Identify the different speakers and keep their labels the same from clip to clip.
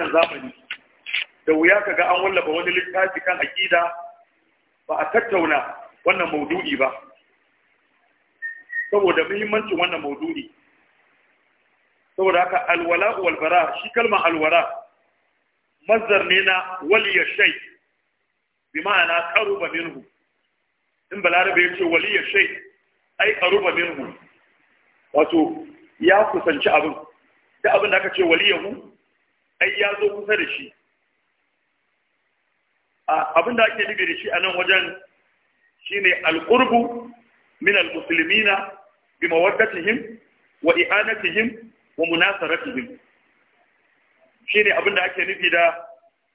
Speaker 1: wannan zamani da wuya ka ga an wallafa wani littafi kan aƙida ba a tattauna wannan maudu'i ba saboda muhimmancin wannan maudu'i saboda haka alwala walbara shi kalmar alwara mazar ne na waliyar shai bi ma'ana ba minhu in balarabe ya ce waliya shai ai karuba minhu wato ya kusanci abin da abin da aka ce waliyahu ai ya zo kusa da shi abin da ake nufi da shi a nan wajen shi ne alƙurbu min al-Musulmi na bi mawaddatihim wa i'anatihim wa munasaratihim ne abin da ake nufi da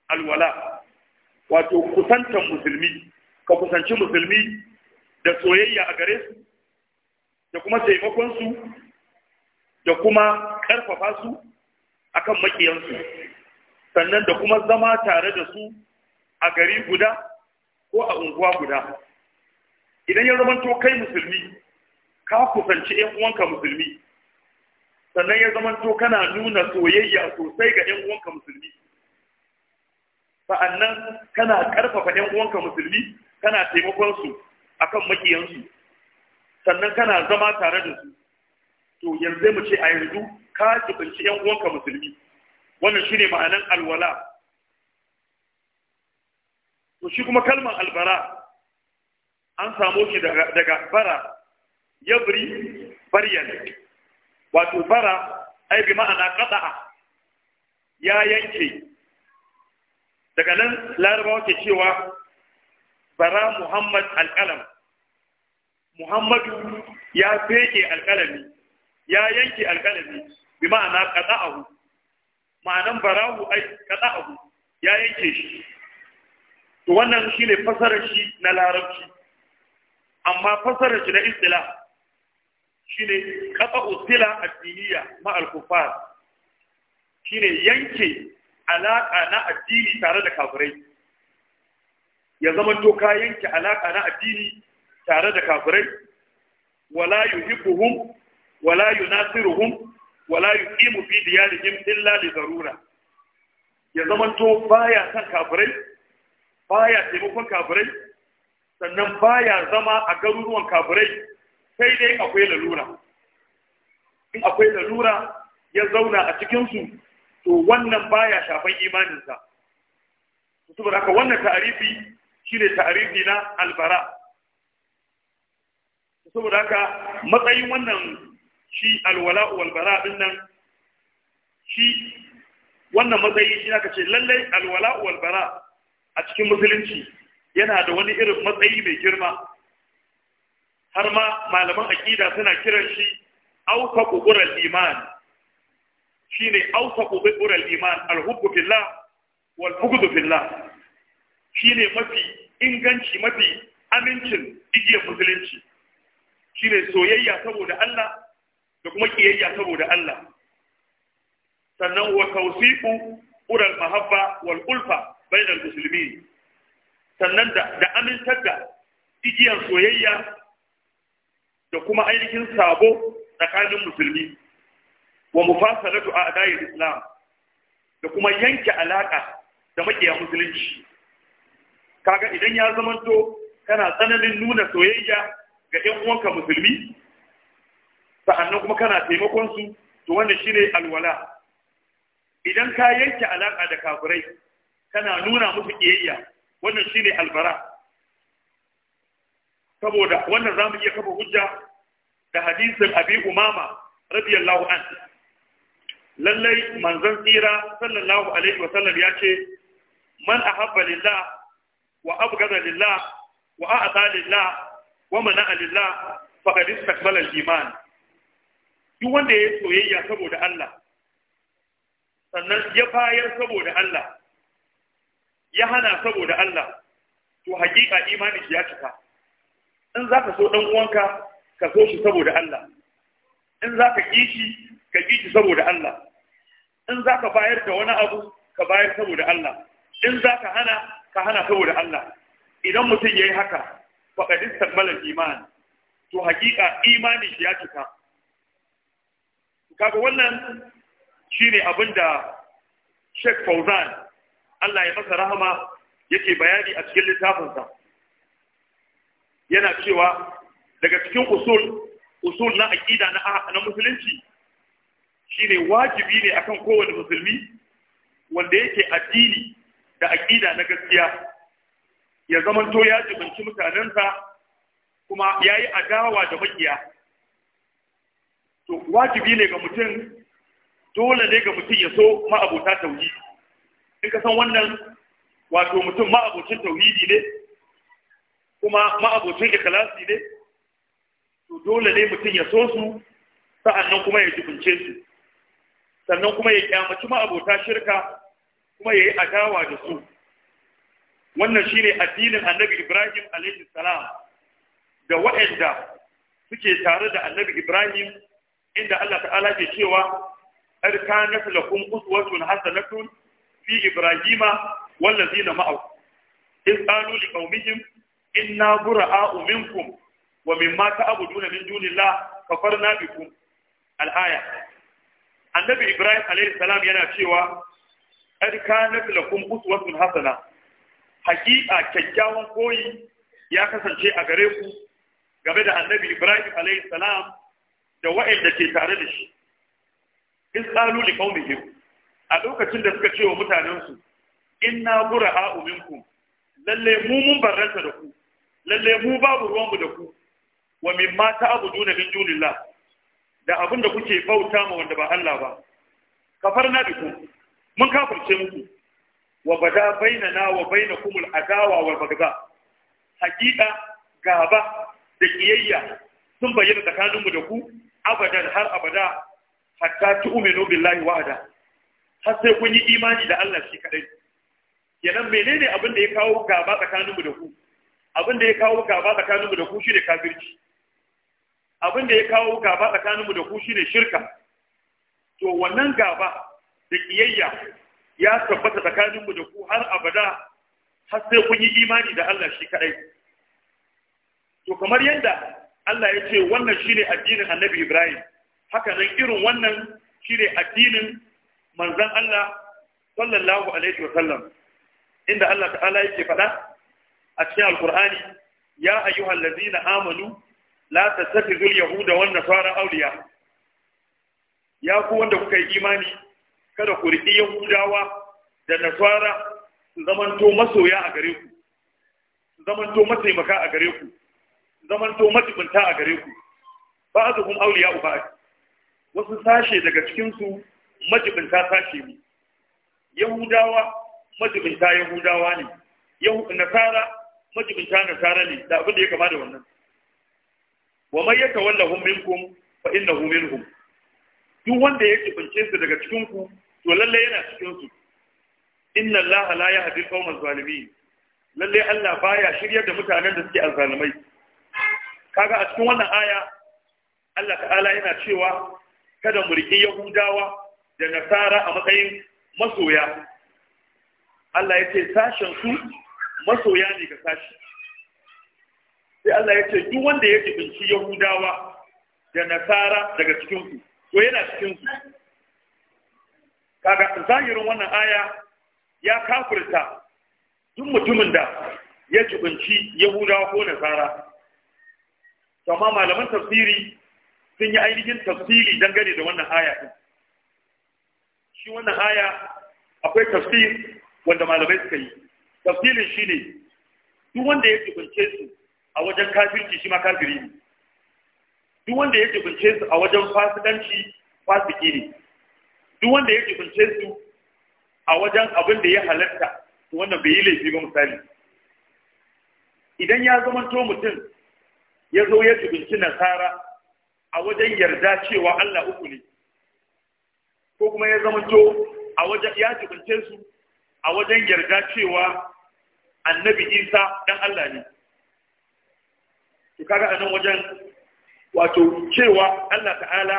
Speaker 1: alwala wato kusantan musulmi ka kusanci musulmi da soyayya a gare su da kuma taimakon su da kuma ƙarfafa su akan makiyansu sannan da kuma zama tare da su a gari guda ko a unguwa guda idan ya zamanto kai musulmi ka kusanci 'yan uwanka musulmi sannan ya zamanto kana nuna soyayya sosai ga 'yan uwanka musulmi sa'annan kana karfafa 'yan uwanka musulmi kana taimakon su akan makiyansu sannan kana zama tare da su to yanzu mu ce a yanzu ka jibinci yan uwanka musulmi wannan shine ma'anan alwala to shi kuma kalmar albara an samu shi daga bara yabri baryan wato bara ai ma'ana qada'a ya yanke daga nan larabawa ke cewa bara muhammad alƙalam muhammadu ya feke alƙalami ya yanke alƙalami bima'ana ma'ana qada'ahu ma'anan barahu ai qada'ahu ya yanke shi to wannan shine fasarar shi na larabci amma fasarar shi na istilah shine qada'u sila addiniya ma al-kuffar shine yanke alaka na addini tare da kafirai ya zama to ka yanke alaka na addini tare da kafirai wala yuhibbuhum wala yunasiruhum wala yuqimu fi diyarihim illa li zarura ya zamanto baya san kafirai baya taimakon kafirai sannan baya zama a garuruwan kafirai sai dai akwai lalura in akwai lalura ya zauna a cikinsu to wannan baya shafan imaninsa saboda haka wannan ta'arifi shine ta'arifi na albara saboda haka matsayin wannan shi alwala'u walbara din nan shi wannan matsayi shi ka ce lallai alwala'u walbara a cikin musulunci yana da wani irin matsayi mai girma har ma malaman aƙida suna kiran shi auta ƙuƙurar iman shi ne auta ƙuƙurar iman alhubbu fillah shi ne mafi inganci mafi amincin igiyar musulunci shi ne soyayya saboda Allah da kuma kiyayya saboda Allah sannan wa tawsiqu ural mahabba wal ulfa al muslimin sannan da da amintar da igiyar soyayya da kuma ainihin sabo tsakanin musulmi wa mufasalatu a'da'il islam da kuma yanke alaka da makiya musulunci kaga idan ya zamanto kana tsananin nuna soyayya ga 'yan uwanka musulmi sa'annan kuma kana taimakon su to wannan shine alwala idan ka yanke alaka da kafirai kana nuna musu kiyayya wannan shine albara saboda wannan zamu iya kafa hujja da hadisin abi umama radiyallahu an lallai manzon tsira sallallahu alaihi wa sallam ya ce man ahabba lillah wa abghada lillah wa a'ta lillah wa mana'a lillah faqad istakmala al-iman duk wanda ya yi soyayya saboda Allah sannan ya bayar saboda Allah ya hana saboda Allah to hakika imani shi ya cika in za ka so ɗan uwanka ka so shi saboda Allah in za ka ƙi shi ka ƙi shi saboda Allah in za ka bayar da wani abu ka bayar saboda Allah in za ka hana ka hana saboda Allah idan mutum ya yi haka faƙadin sakmalar imani to hakika imani shi ya cika kaga wannan shine abin da Sheikh Fauzan Allah ya masa rahama yake bayani a cikin littafinsa yana cewa daga cikin usul usul na aqida na na musulunci shine wajibi ne akan kowane musulmi wanda yake addini da aqida na gaskiya ya zamanto ya jibinci mutanensa kuma yayi adawa da makiya to wajibi ne ga mutum dole ne ga mutum ya so ma'abota tauhidi in ka san wannan wato mutum ma'abocin tauhidi ne kuma ma'abocin ikhlasi ne to dole ne mutum ya so su sa'annan kuma ya jibince su sannan kuma ya kyamaci ma'abota shirka kuma ya yi adawa da su wannan shine addinin annabi ibrahim alaihi salam da wa'anda suke tare da annabi ibrahim inda Allah ta'ala ke cewa ar lakum uswatun hasanatun fi ibrahima wallazina ma'ahu iz qalu liqaumihim inna bura'a'u minkum wa mimma ta'buduna min dunillah kafarna bikum al-aya annabi ibrahim alayhi salam yana cewa ar kanat lakum uswatun hasana hakika kyakkyawan koyi ya kasance a gare ku game da annabi ibrahim alayhi salam da wa'anda ke tare da shi in tsalu li kaumihim a lokacin da suka ce wa mutanensu inna bura'a minkum lalle mu mun barranta da ku lalle mu babu ruwanmu da ku wa min mimma ta'buduna min dunillah da abin da kuke bauta ma wanda ba Allah ba Kafar na biku mun kafirce muku wa bada bainana wa bainakumul adawa wal bagda hakika gaba da kiyayya sun bayyana tsakaninmu da ku abadan har abada hatta tu'minu billahi wahda har sai kun yi imani da Allah shi kadai kenan menene abin da ya kawo gaba tsakaninmu da ku abin da ya kawo gaba tsakaninmu da ku shine kafirci abin da ya kawo gaba tsakaninmu da ku shine shirka to wannan gaba da kiyayya ya tabbata tsakaninmu da ku har abada har sai kun yi imani da Allah shi kadai to kamar yadda Allah ya ce wannan ne addinin annabi Ibrahim haka nan irin wannan ne addinin manzon Allah sallallahu alaihi wa sallam inda Allah ta'ala yake faɗa a cikin alkur'ani ya ayyuhal ladina amanu la tattakhidhul yahuda wan nasara awliya ya ku wanda kuka yi imani kada ku riƙi yahudawa da nasara su zamanto masoya a gare ku su zamanto mataimaka a gare ku to majibinta a gare ku Ba a zuhun ba'dhum awliya'u ba'd wasu sashe daga cikinsu su majibinta sashe ne yahudawa majibinta yahudawa ne nasara majibinta nasara ne da abin da ya kama da wannan wa wanda hun minkum fa hun minhum duk wanda ya kibince su daga cikin ku to lalle yana cikin su inna allaha la yahdi al-qawma zalimin lalle Allah baya shiryar da mutanen da suke azzalimai kaga a cikin wannan aya Allah ta'ala yana cewa kada mu riki Yahudawa da Nasara a matsayin masoya Allah ya sashen su masoya ne ga sashi sai Allah ya duk wanda ya binci Yahudawa da Nasara daga cikin ku to yana cikin su kaga zahirin wannan aya ya kafirta duk mutumin da ya jibinci Yahudawa ko Nasara to amma malaman tafsiri sun yi ainihin tafsiri dangane da wannan aya din shi wannan aya akwai tafsir wanda malamai suka yi tafsirin shi ne duk wanda ya jibince su a wajen kafirci shi ma kafiri ne duk wanda ya jibince su a wajen fasikanci fasiki ne duk wanda ya jibince su a wajen abin da ya halatta wannan bai yi laifi ba misali idan ya zamanto mutum ya zo ya tubinci nasara a wajen yarda cewa Allah uku ne ko kuma ya zamanto a wajen ya tubince su a wajen yarda cewa annabi Isa dan Allah ne to kaga anan wajen wato cewa Allah ta'ala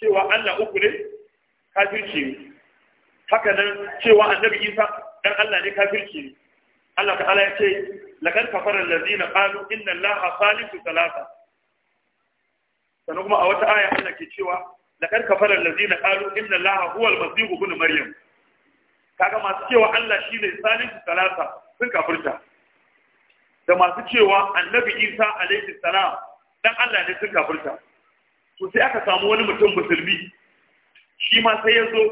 Speaker 1: cewa Allah uku ne kafirci ne haka nan cewa annabi Isa dan Allah ne kafirci ne Allah ta'ala ya ce laqad kafara allazina qalu inna Laha salisu salasa sannan kuma a wata aya Allah ke cewa laqad kafara allazina qalu inna allaha huwa al-masih ibn maryam kaga masu cewa Allah shi ne salisu salasa sun kafurta. da masu cewa annabi Isa alaihi salam dan Allah ne sun kafurta. to sai aka samu wani mutum musulmi shi ma sai ya zo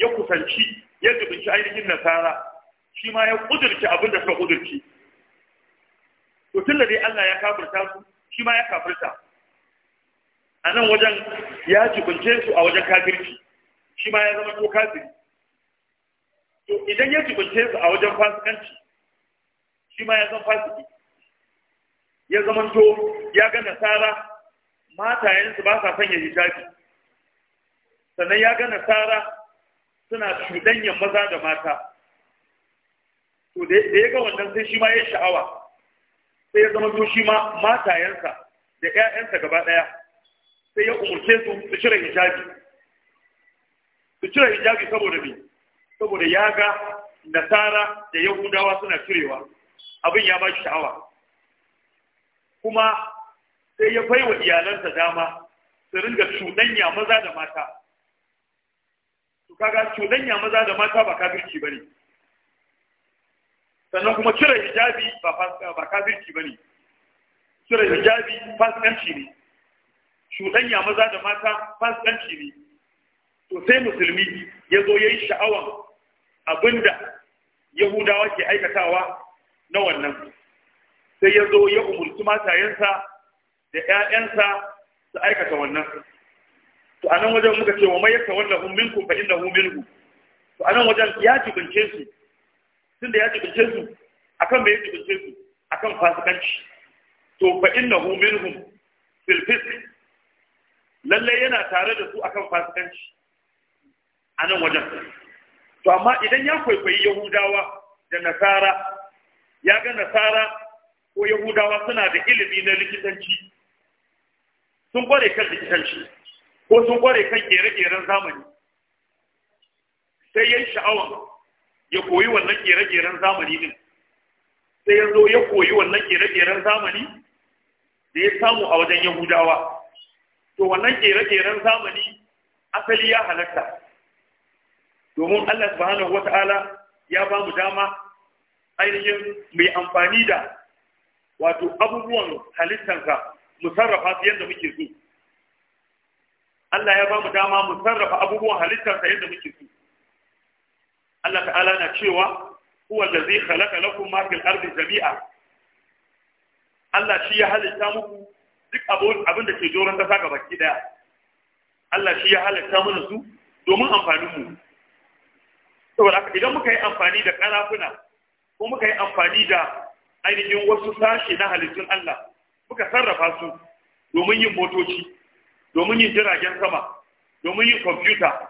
Speaker 1: ya kusanci ya dubinci ainihin nasara shi ma ya kudurci abin da suka kudurci to da dai Allah ya kafirta su shi ma ya kafirta a nan wajen ya jibince su a wajen kafirci shi ma ya zama ko kafiri to idan ya jibince su a wajen fasikanci shi ma ya zama fasiki ya zama to ya ga nasara matayensu ba sa sanya hijabi sannan ya ga nasara suna cuɗanyan maza da mata to da ya ga wannan sai shi ma ya sha'awa sai ya zama to shi ma matayensa da 'ya'yansa gaba ɗaya sai ya umurce su su cire hijabi su cire hijabi saboda me saboda ya ga nasara da yahudawa suna cirewa abin ya ba shi sha'awa kuma sai ya bai wa iyalansa dama su ringa cuɗanya maza da mata to kaga cuɗanya maza da mata ba kafirci bane sannan kuma cire hijabi ba kafirci ba ne cire hijabi fasikanci ne cuɗanya maza da mata fasikanci ne to sai musulmi ya zo ya yi sha'awan abinda yahudawa ke aikatawa na wannan sai ya zo ya umurci matayensa da 'ya'yansa su aikata wannan to a nan wajen muka ce wa mai yaka wannan fa'in da innahu minhu to a nan wajen ya jibince su tunda ya jibince su akan me ya jibince su akan fasikanci to fa innahu minhum fil fisq lalle yana tare da su akan fasikanci a nan wajen to amma idan ya kwaikwayi yahudawa da nasara ya ga nasara ko yahudawa suna da ilimi na likitanci sun kware kan likitanci ko sun kware kan kere-keren zamani sai ya yi sha'awan ya koyi wannan kere-keren zamani din sai ya zo ya koyi wannan kere-keren zamani da ya samu a wajen yahudawa to wannan kere-keren zamani asali ya halatta domin allah subhanahu wata'ala ya ba mu dama ainihin mai amfani da wato abubuwan halittansa mu sarrafa su yadda muke so Allah ya ba mu dama mu sarrafa abubuwan halittarsa yadda muke so Allah ta'ala na cewa huwa allazi khalaqa lakum ma fil ardi jami'a Allah shi ya halitta muku duk abin da ke doron kasa ga baki ɗaya. Allah shi ya halitta mana su domin amfaninmu. saboda idan muka yi amfani da ƙarafuna ko muka yi amfani da ainihin wasu sashi na halittun Allah muka sarrafa su domin yin motoci domin yin jiragen sama domin yin kwamfuta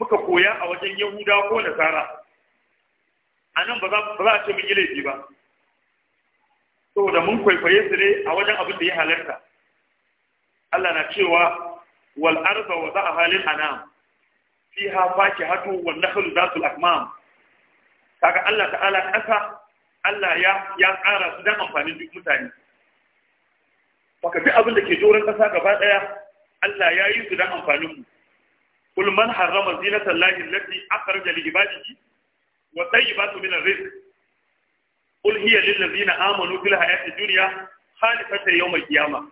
Speaker 1: muka koya a wajen yahuda ko nasara a nan ba za a ce mun yi laifi ba saboda mun kwaikwaye su ne a wajen abin da ya halarta Allah na cewa wal arda wa za a halin anam fiha fakihatu wan nakhlu zatu akmam kaga Allah ta'ala kasa Allah ya ya tsara su dan amfanin duk mutane baka bi abin da ke doron kasa gaba daya Allah ya yi su dan amfanin mu kul man harrama zinatan lahi allati akhraja li ibadihi wa tayyibatu min ar-rizq kul hiya lil ladzina amanu fil hayati dunya khalifatan yawm al-qiyamah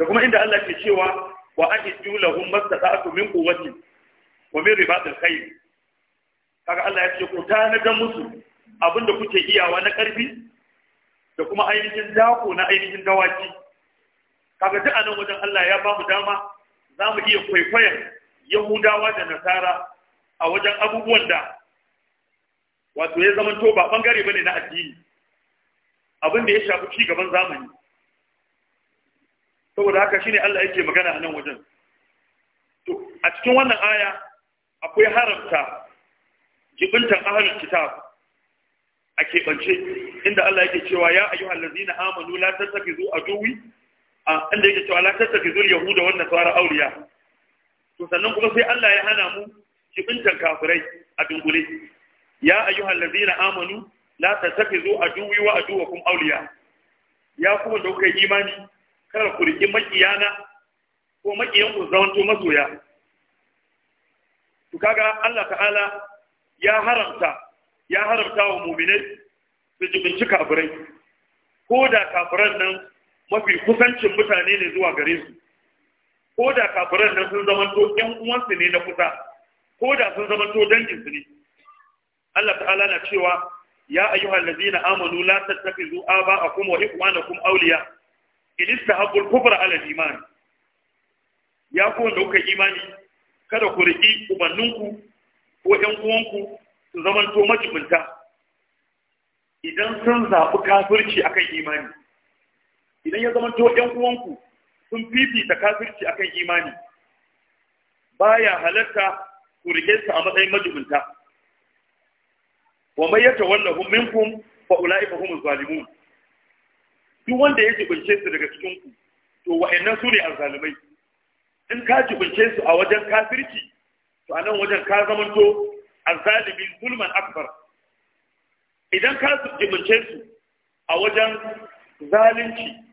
Speaker 1: da kuma inda Allah ke cewa wa ahiddu lahum mastata'tu min quwwati wa min ribatil khayr kaga Allah ya ce ku tanadan musu abinda kuke iyawa na karfi da kuma ainihin dako na ainihin dawaci kaga duk anan wajen Allah ya ba mu dama za mu iya kwaikwayon yahudawa da nasara a wajen abubuwan da wato ya zama to ba bangare bane na addini abin da ya shafi ci gaban zamani saboda haka shine Allah yake magana a nan wajen to a cikin wannan aya akwai haramta jibintan ahlul kitab a keɓance inda Allah yake cewa ya ayyuhal ladzina amanu la tattakhidhu aduwi inda yake cewa la tattakhidhu yahuda wannan nasara auriya to sannan kuma sai Allah ya hana mu jibintan kafirai a dungule ya ayyuhal ladzina amanu la tattakhizu aduwwi wa aduwwakum awliya ya kuma da kuka imani kar ku riki makiyana ko makiyan ku zawanto masoya to kaga Allah ta'ala ya haramta ya haramta wa mu'minai su jibinci kafirai ko da kafiran nan mafi kusancin mutane ne zuwa gare su ko da kafiran nan sun zama to ƴan uwansu ne na kusa ko da sun zama to dangin su ne Allah ta'ala na cewa ya ayyuhal ladina amanu la tattakhizu aba'akum wa ikhwanakum awliya in istahabbu al-kufra 'ala al-iman ya ku wanda kuka imani kada ku riki ubanninku ko ƴan uwanku su zama to majibinta idan sun zaɓi kafirci akan imani idan ya zama to ƴan uwanku sun fifita kafirci akan imani baya ya ku rike su a matsayin majibinta wa mai yata wallahu minkum fa ulaika humuz zalimun duk wanda ya jibince su daga cikin ku to wa'annan su ne azzalimai in ka jibince su a wajen kafirci to a nan wajen ka zamanto azzalimi zulman akbar idan ka jibince su a wajen zalunci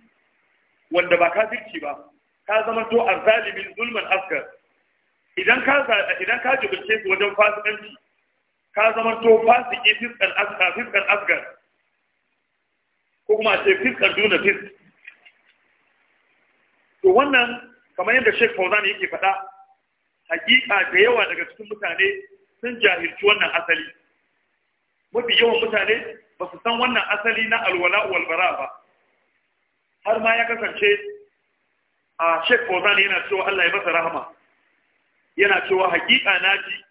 Speaker 1: wanda ba kafirci ba ka zama to azzalimin zulman askar idan ka idan ka jibirce su wajen fasikanci ka zama to fasiki fiskan askar fiskan askar ko kuma a ce fiskan duna fisk to wannan kamar yadda Sheikh Fauzan yake faɗa hakika da yawa daga cikin mutane sun jahilci wannan asali mafi yawan mutane ba su san wannan asali na alwala walbara ba har ma ya kasance a shek Fozan yana cewa Allah ya masa rahama yana cewa haƙiƙa na ji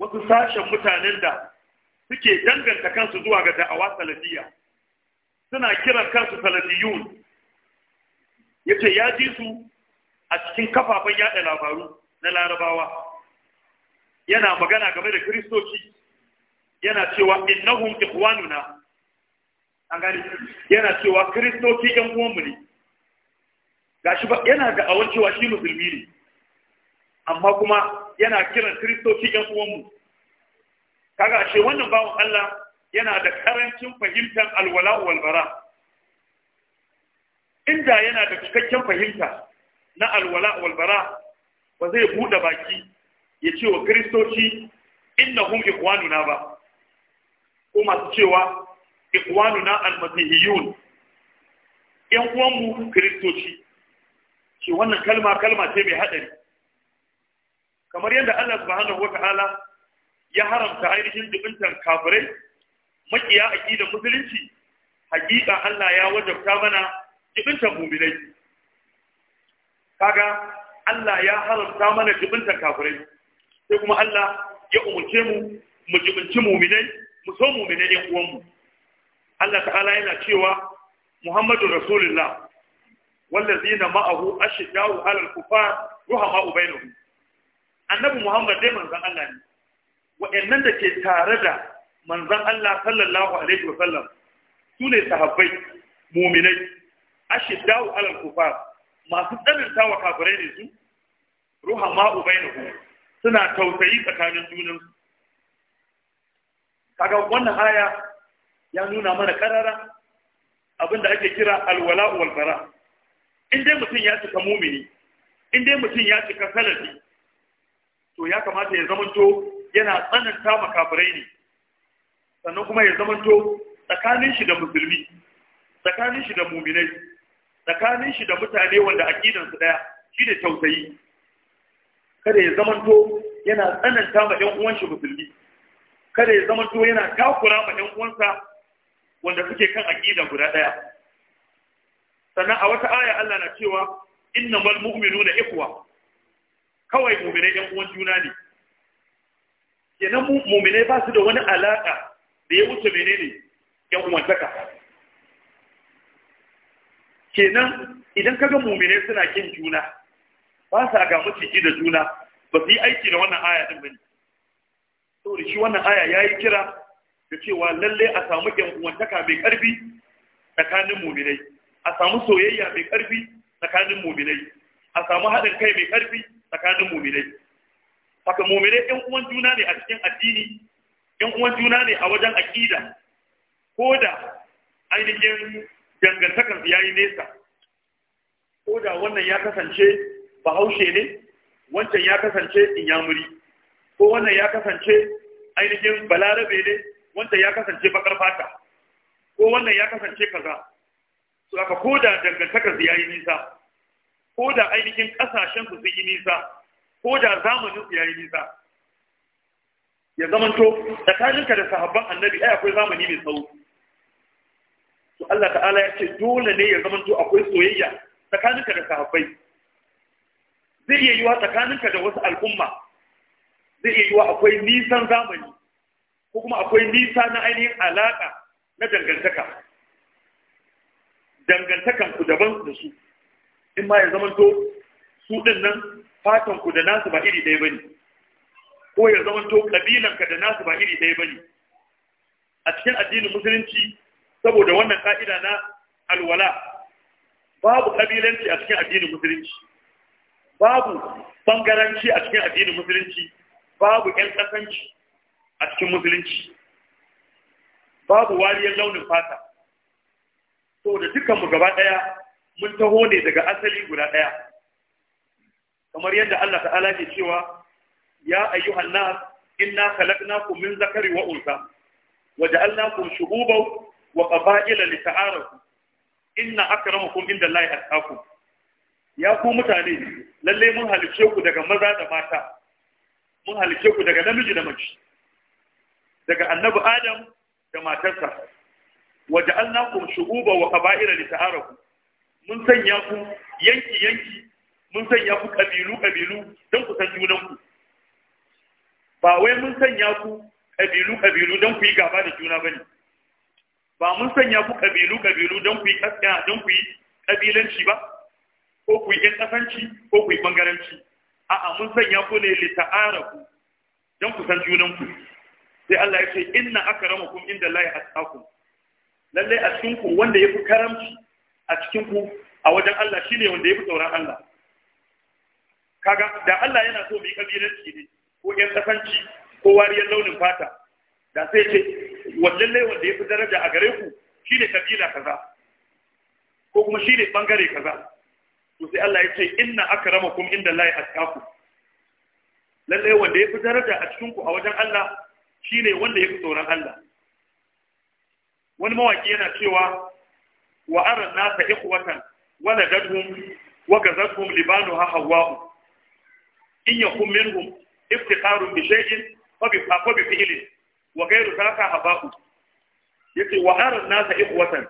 Speaker 1: wasu sashen mutanen da suke danganta kansu zuwa ga da'awa salafiya suna kiran kansu salafiyun yace ya ji su a cikin kafafen yada labaru na larabawa yana magana game da kristoci yana cewa innahum ikhwanuna an gani yana cewa kristoci yan uwanmu ne gashi ba yana da awon cewa shi musulmi ne amma kuma yana kiran kiristoci yan uwanmu kaga ashe wannan bawan Allah yana da karancin fahimtar alwala wal bara inda yana da cikakken fahimta na alwala wal bara ba zai buɗe baki ya ce wa kristoci innahum ikhwanuna ba ko masu cewa na almasihiyun yan uwanmu kristoci shi wannan kalma kalma ce mai hadari kamar yadda Allah subhanahu wataala ya haramta ainihin dubintan kafirai makiya aqidar musulunci hakika Allah ya wajabta mana dubintan mu'minai kaga Allah ya haramta mana dubintan kafirai sai kuma Allah ya umurce mu mu jibinci mu'minai mu so mu'minai yan uwanmu Allah ta'ala yana cewa Muhammadu Rasulullah wallazina ma'ahu kufa, 'alal kufar bai bainahum annabi Muhammad dai manzan Allah ne wa'annan da ke tare da manzan Allah sallallahu alaihi wasallam su ne sahabbai muminai ashiddau halar kufa, masu tsananta wa kafirai ne su bai bainahum suna tausayi tsakanin junansu kaga wannan haya ya nuna mana karara Abinda ake kira alwala wal bara in dai mutum ya cika mumini in dai mutum ya cika salafi to ya kamata ya zamanto yana tsananta makafirai ne sannan kuma ya zamanto tsakanin shi da musulmi tsakanin shi da muminai tsakanin shi da mutane wanda su daya shi ne tausayi kada ya zamanto yana tsananta ma ɗan uwan shi musulmi kada ya zamanto yana takura ma ɗan uwansa wanda suke kan aqida guda ɗaya. sannan a wata aya Allah na cewa mu'minu da ikwa kawai mu'minai yan uwan juna ne kenan mu'minai ba su da wani alaka da ya wuce menene yan uwantaka kenan idan kaga mu'minai suna kin juna ba sa ga mutiki da juna ba su yi aiki da wannan aya din ne. saboda shi wannan aya yayi kira da cewa lalle a samu uwantaka mai karfi tsakanin muminai a samu soyayya mai karfi tsakanin muminai a samu haɗin kai mai karfi tsakanin muminai haka muminai ɗan uwan juna ne a cikin addini ɗan uwan juna ne a wajen aƙida ko da ainihin dangantakar su yi nesa ko da wannan ya kasance bahaushe ne wancan ya kasance inyamuri ko wannan ya kasance ainihin balarabe ne wanda ya kasance bakar fata ko wannan ya kasance kaza su aka ko da dangantakar su yayi nisa ko da ainihin kasashen su sun yi nisa ko da zamanin su yayi nisa ya zamanto to da sahabban annabi ai akwai zamani mai tsawo to Allah ta'ala ya ce dole ne ya zamanto akwai soyayya tsakaninka da sahabbai zai iya yiwa tsakaninka da wasu al'umma zai iya yiwa akwai nisan zamani ko kuma akwai nisa na ainihin alaƙa na dangantaka dangantakan ku daban da su in ma ya to su ɗin nan fatan ku da nasu ba iri ɗaya bane ko ya zamanto kabilan ka da nasu ba iri ɗaya bane a cikin addinin musulunci saboda wannan ka'ida na alwala babu kabilanci a cikin addinin musulunci babu bangaranci a cikin addinin musulunci babu ƴan ƙasanci a cikin musulunci babu wariyar launin fata So da mu gaba ɗaya mun taho ne daga asali guda ɗaya kamar yadda Allah ta'ala ke cewa ya ayyuhan nas inna khalaqnakum min zakari wa unsa wa ja'alnakum shuhuban wa qaba'ila lita'arafu inna akramakum inda Allah atqakum ya ku mutane lalle mun halice ku daga maza da mata mun halice ku daga namiji da mace daga annabi adam da matarsa waje an na ja'alnakum shu'uba wa da lita'arafu mun sanya ku yanki yanki mun sanya ku kabilu kabilu don ku san junan ku ba wai mun sanya ku kabilu kabilu don ku yi gaba da juna bane ba mun sanya ku kabilu kabilu don ku yi kasa don ku yi kabilanci ba ko ku yi ƴan kasanci ko ku yi bangaranci a'a mun sanya ku ne lita'arafu don ku san junan ku sai Allah ya ce inna akramakum inda Allah atqakum lalle a cikin ku wanda yafi karamci a cikin ku a wajen Allah shine wanda yafi tsoron Allah kaga da Allah yana so mu yi kabilanci ne ko yan tsafanci ko wariyar launin fata da sai ce wallalle wanda yafi daraja a gare ku shine kabila kaza ko kuma shine bangare kaza to sai Allah ya ce inna akramakum inda Allah atqakum
Speaker 2: lalle wanda yafi
Speaker 1: daraja a cikin ku a wajen Allah shine wanda yake tsoron Allah wani mawaki yana cewa wa aran nasa ikhwatan wa ladadhum wa kazathum libanuha hawa'u in yakun minhum iftiqarun bi shay'in fa bi fa bi fi'lin wa ghayru zaka haba'u yace wa aran nasa watan,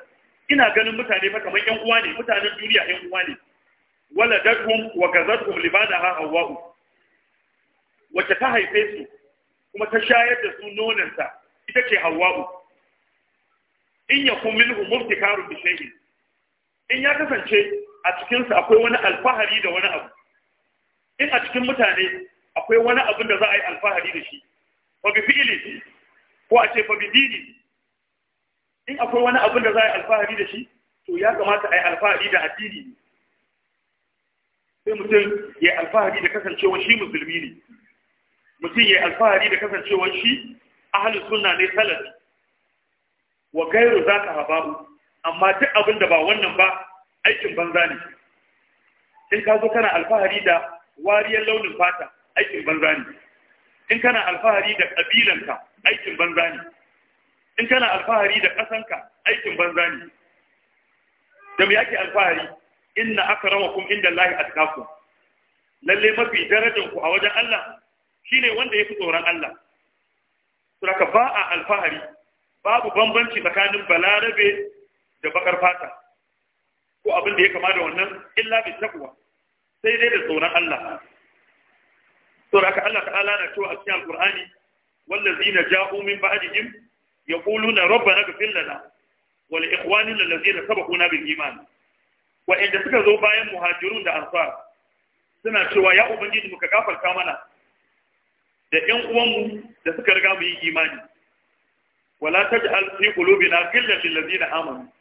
Speaker 1: ina ganin mutane fa kamar yan uwa ne mutanen duniya yan uwa ne wala dadhum wa kazathum libanuha hawa'u wacce ta haife su kuma ta shayar da su nonansa ita ce hawa'u in ya kun humurti, mubtikarun bi shay'in in ya kasance a cikin akwai wani alfahari da wani abu in a cikin mutane akwai wani abu da za a yi alfahari da shi fa bi fi'li ko a ce fa bi dini in akwai wani abu da za a yi alfahari da shi to ya kamata a yi alfahari da addini ne sai mutum ya alfahari da kasancewa shi musulmi ne mutum ya yi alfahari da kasancewar shi ahalin sunna ne salafi wa gairu za ka haba'u amma duk abin da ba wannan ba aikin banza ne in ka zo kana alfahari da wariyar launin fata aikin banza ne in kana alfahari da ƙabilanka aikin banza ne in kana alfahari da ƙasanka aikin banza ne da mu yake alfahari inna kun inda Allah atqakum lalle mafi darajar ku a wajen Allah Shi ne wanda ya fi tsoron Allah suraka ba a alfahari babu bambanci tsakanin balarabe da bakar fata ko abin da ya kama da wannan illa bi taqwa sai dai da tsoron Allah suraka Allah ta'ala na cewa a cikin alqur'ani wallazina ja'u min ba'dihim yaquluna rabbana ighfir lana wa li ikhwanina allazina sabaquna bil iman wa inda suka zo bayan muhajirun da ansar suna cewa ya ubangiji muka gafarta mana da ƴan uwanmu da suka riga mu yi imani wala taj'al fi qulubina ghillan lil ladina amanu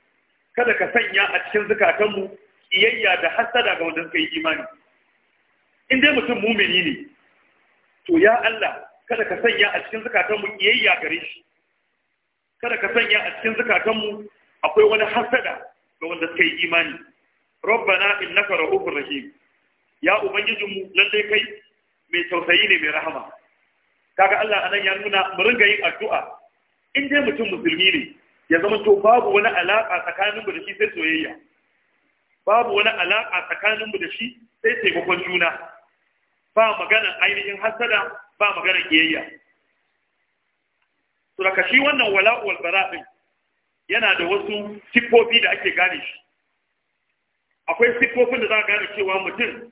Speaker 1: kada ka sanya a cikin zukatanmu kiyayya da hasada ga wanda suka yi imani in dai mutum mumini ne to ya Allah kada ka sanya a cikin zukatanmu kiyayya gare shi kada ka sanya a cikin zukatanmu akwai wani hasada ga wanda suka yi imani rabbana innaka ra'ufur rahim ya ubangijinmu lalle kai mai tausayi ne mai rahama kaga Allah anan ya nuna mu ringa yin addu'a in dai mutum musulmi ne ya zama to babu wani alaka tsakaninmu da shi sai soyayya babu wani alaka mu da shi sai taimakon juna ba magana ainihin hasada ba magana kiyayya to daga shi wannan wala'u wal bara yana da wasu siffofi da ake gane shi akwai siffofin da za a gane cewa mutum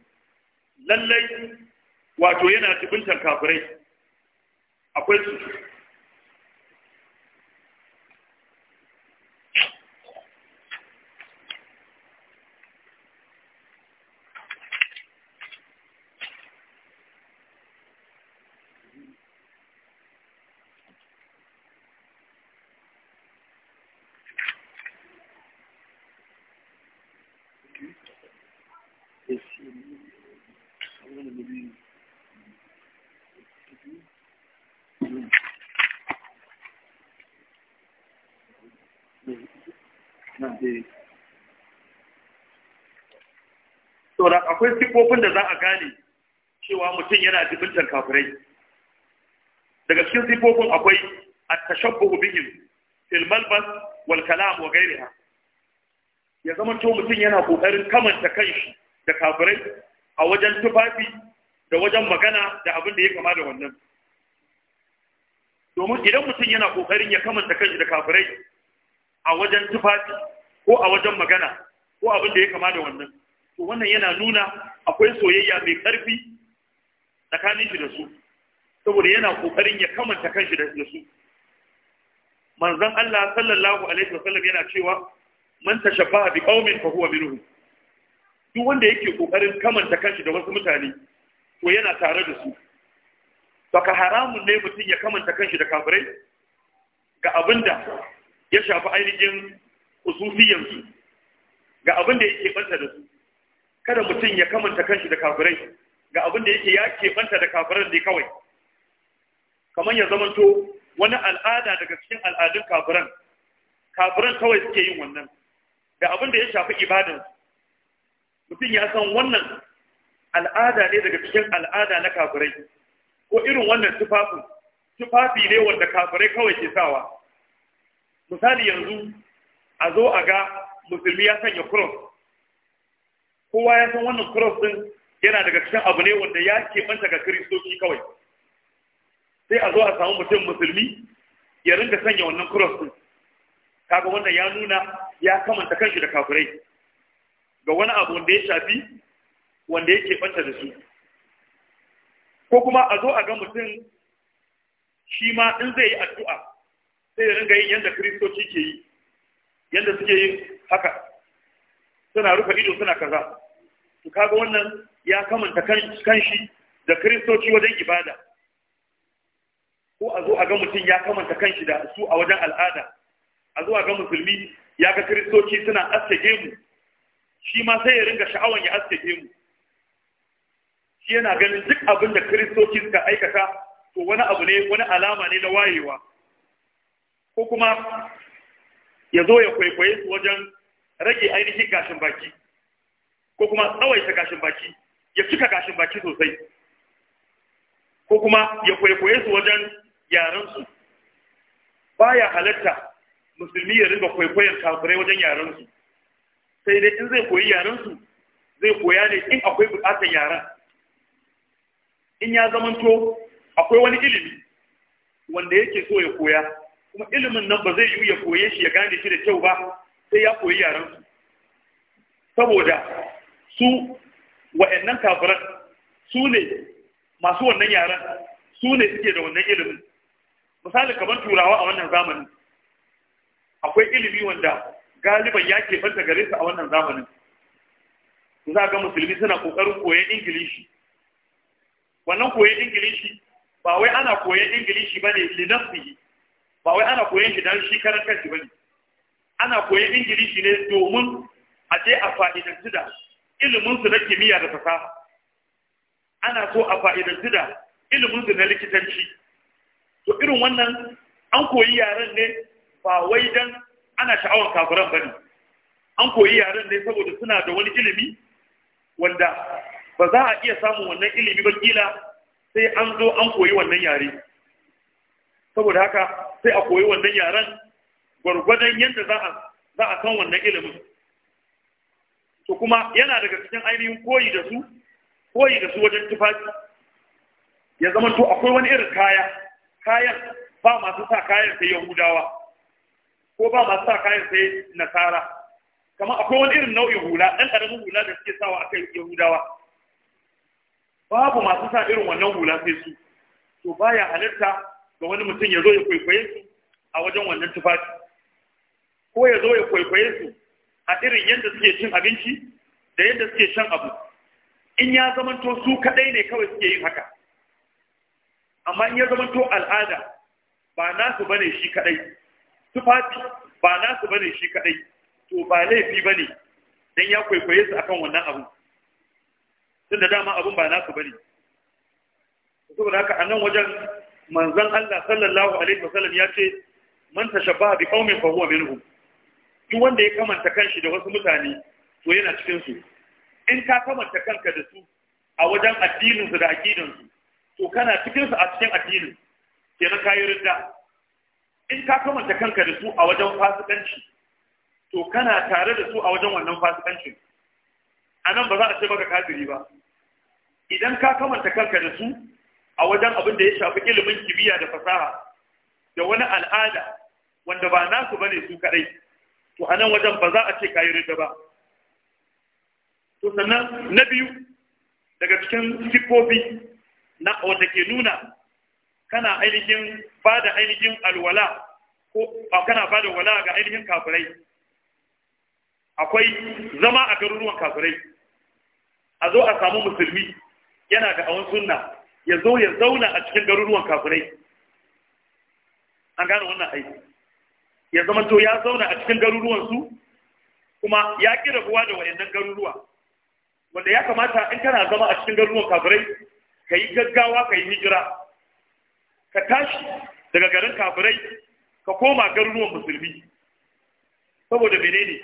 Speaker 1: lallai wato yana jibintar kafirai akwai akwai siffofin da za a gane cewa mutum yana jibintar kafirai daga cikin siffofin akwai a tashabbuhu bihim fil malbas wal kalam wa ghayriha ya zama to mutum yana kokarin kamanta kanshi da kafirai a wajen tufafi da wajen magana da abin da ya kama da wannan domin idan mutum yana kokarin ya kamanta kanshi da kafirai a wajen tufafi ko a wajen magana ko abin da ya kama da wannan to wannan yana nuna akwai soyayya mai ƙarfi tsakanin shi da su saboda yana kokarin ya kamanta kanshi da su manzon Allah sallallahu alaihi wasallam yana cewa man tashabbaha bi qaumin fa huwa minhu duk wanda yake kokarin kamanta kanshi da wasu mutane to yana tare da su saka haramun ne mutum ya kamanta kanshi da kafirai ga abinda ya shafi ainihin usufiyansu ga abinda yake banta da su kada mutum ya kamanta kanshi da kafirai ga abin da yake ya keɓanta da kafiran ne kawai kamar ya zamanto wani al'ada daga cikin al'adun kafiran kafiran kawai suke yin wannan da abin da ya shafi ibadan mutum ya san wannan al'ada ne daga cikin al'ada na kafirai ko irin wannan tufafi, tufafi ne wanda kafirai kawai ke sawa misali yanzu a zo a ga musulmi ya sanya cross kowa ya san wannan cross din yana daga cikin abu ne wanda ya keɓanta ga kiristoci kawai sai a zo a samu mutum musulmi ya ringa sanya wannan cross din kaga wannan ya nuna ya kamanta kanshi da kafirai ga wani abu wanda ya shafi wanda ya keɓanta da su ko kuma a zo a ga mutum shi ma in zai yi addu'a sai ya ringa yin yadda kiristoci ke yi yadda suke yin haka suna rufe ido suna kaza to kaga wannan ya kamanta kanshi da kristoci wajen ibada ko a zo a ga mutum ya kamanta kanshi da su a wajen al'ada a zo a ga musulmi ya ga kristoci suna aske mu shi ma sai ya ringa sha'awan ya aske mu shi yana ganin duk abin da kristoci suka aikata to wani abu ne wani alama ne na wayewa ko kuma ya zo ya kwaikwaye su wajen rage ainihin gashin baki ko kuma tsawaita gashin baki ya cika gashin baki sosai ko kuma ya kwaikwaye su wajen yarensu ya halatta musulmi ya riga kwaikwayon kafirai wajen yarensu sai dai in zai koyi yarensu zai koya ne in akwai bukatar yaren in ya zamanto akwai wani ilimi wanda yake so ya koya kuma ilimin nan ba zai yi ya koye shi ya gane shi da kyau ba sai ya koyi yaran su saboda su wa'annan kafiran su ne masu wannan yaran su ne suke da wannan ilimin misali kamar turawa a wannan zamanin akwai ilimi wanda galiban ya ke fanta gare su a wannan zamanin za ga musulmi suna kokarin koyon ingilishi wannan koyon ingilishi ba wai ana koyon ingilishi ba ne linafi ba wai ana koyon shi don shi karan kanshi ba ne ana koyi ingilishi ne domin a je a fa'idanci da iliminsu na kimiyya da fasaha ana so a fa'idanci da iliminsu na likitanci to irin wannan an koyi yaren ne ba wai dan ana sha'awar kafiran ba ne an koyi yaren ne saboda suna da wani ilimi wanda ba za a iya samun wannan ilimi ba kila sai an zo an koyi wannan yare saboda haka sai a koyi wannan yaren gwargwadon yadda za a san wannan ilimin to kuma yana daga cikin ainihin koyi da su koyi da su wajen tufafi ya zama to akwai wani irin kaya kayan ba masu sa kayan sai yahudawa ko ba masu sa kayan sai nasara kamar akwai wani irin nau'in hula ɗan ƙaramin hula da suke sawa akai yahudawa babu masu sa irin wannan hula sai su to baya halitta ga wani mutum ya zo ya kwaikwaye su a wajen wannan tufafi ko ya zo ya kwaikwaye su a irin yadda suke cin abinci da yadda suke shan abu in ya zamanto su kadai ne kawai suke yin haka amma in ya zamanto al'ada ba nasu bane shi kadai tufafi ba nasu bane shi kadai to ba laifi bane dan ya kwaikwaye su akan wannan abu tunda dama abun ba nasu bane saboda haka a nan wajen manzon Allah sallallahu alaihi wasallam ya ce man tashabbaha bi qaumin fa huwa minhum duk wanda ya kamanta kanshi da wasu mutane to yana cikin su in ka kamanta kanka da su a wajen addinin su da aqidan su to kana cikin su a cikin addinin kenan ka yi ridda in ka kamanta kanka da su a wajen fasikanci to kana tare da su a wajen wannan fasikanci a nan ba za a ce maka kafiri ba idan ka kamanta kanka da su a wajen abin da ya shafi ilimin kimiyya da fasaha da wani al'ada wanda ba nasu bane su kadai to a wajen ba za a ce kayi rida ba to sannan na biyu daga cikin sifofi na wanda ke nuna kana ainihin ba da ainihin alwala ko kana ba da wala ga ainihin kafirai akwai zama a garuruwan kafirai a zo a samu musulmi yana da awon sunna ya zo ya zauna a cikin garuruwan kafirai an gane wannan aiki ya zama to ya zauna a cikin garuruwansu kuma ya ƙi rabuwa da wayannan garuruwa wanda ya kamata in kana zama a cikin garuruwan kafirai ka yi gaggawa ka yi hijira ka tashi daga garin kafirai ka koma garuruwan musulmi saboda menene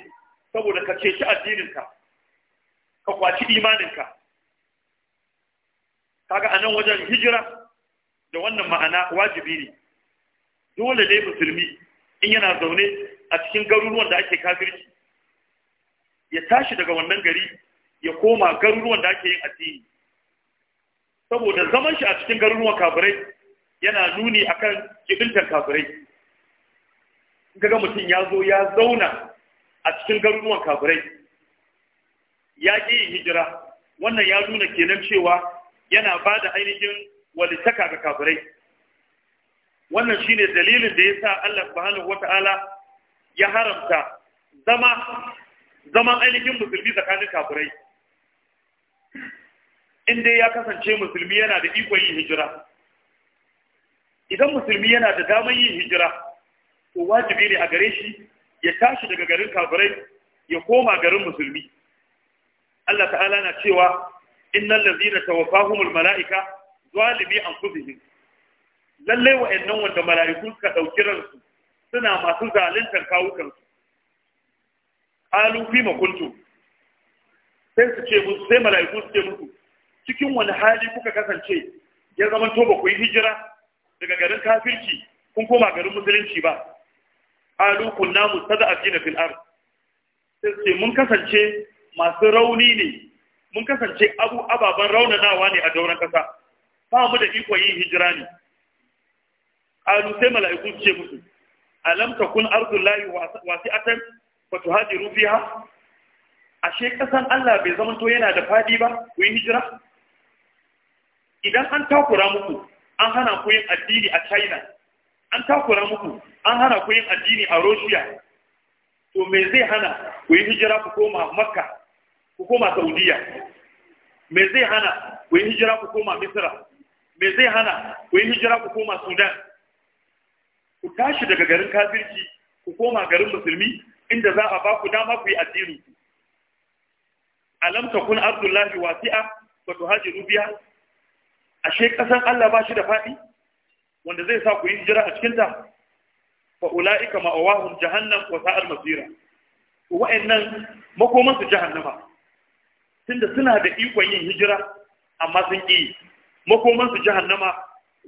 Speaker 1: saboda ka ceci addininka ka kwaci imaninka kaga anan wajen hijira da wannan ma'ana wajibi ne dole ne musulmi in yana zaune a cikin garuruwan da ake kafirci ya tashi daga wannan gari ya koma garuruwan da ake yin addini saboda zaman shi a cikin garuruwan kafirai yana nuni akan kibintar kafirai kaga mutum ya zo ya zauna a cikin garuruwan kafirai ya ƙi yin hijira wannan ya nuna kenan cewa yana ba da ainihin walitaka ga kafirai wannan shine dalilin da yasa Allah subhanahu wata'ala ya haramta zama zaman ainihin musulmi tsakanin kafirai in dai ya kasance musulmi yana da ikon yin hijira idan musulmi yana da damar yin hijira to wajibi ne a gare shi ya tashi daga garin kafirai ya koma garin musulmi Allah ta'ala na cewa innal ladzina tawaffahumul mala'ika zalimi anfusihim lalle wa'annan wanda mala'iku suka dauki ransu suna masu zaluntar kawukan su qalu fi ma kuntu sai su ce musu sai mala'iku su ce musu cikin wani hali kuka kasance ya zama to ba ku yi hijira daga garin kafirci kun koma garin musulunci ba qalu kunna mustada'afina fil ard sai su ce mun kasance masu rauni ne mun kasance abu ababen raunanawa ne a dauran kasa ba mu da ikon yin hijira ne qalu sai mala'iku ce musu alam takun ardullahi wasi'atan fatuhajiru fiha ashe kasan Allah bai zamanto yana da fadi ba ku yi hijira idan an takura muku an hana ku yin addini a China an takura muku an hana ku yin addini a Russia to me zai hana ku yi hijira ku koma Makka ku koma Saudiya me zai hana ku yi hijira ku koma Misira? me zai hana ku yi hijira ku koma Sudan ku tashi daga garin kafirci ku koma garin musulmi inda za a ba ku dama ku yi addini alam takun abdullahi wasi'a wa Haji rubiya ashe kasan Allah ba shi da fadi wanda zai sa ku yi hijira a cikin ta fa ulaika ma'awahum jahannam wa sa'al masira wa'annan makoman su jahannama tunda suna da ikon yin hijira amma sun ki makoman su jahannama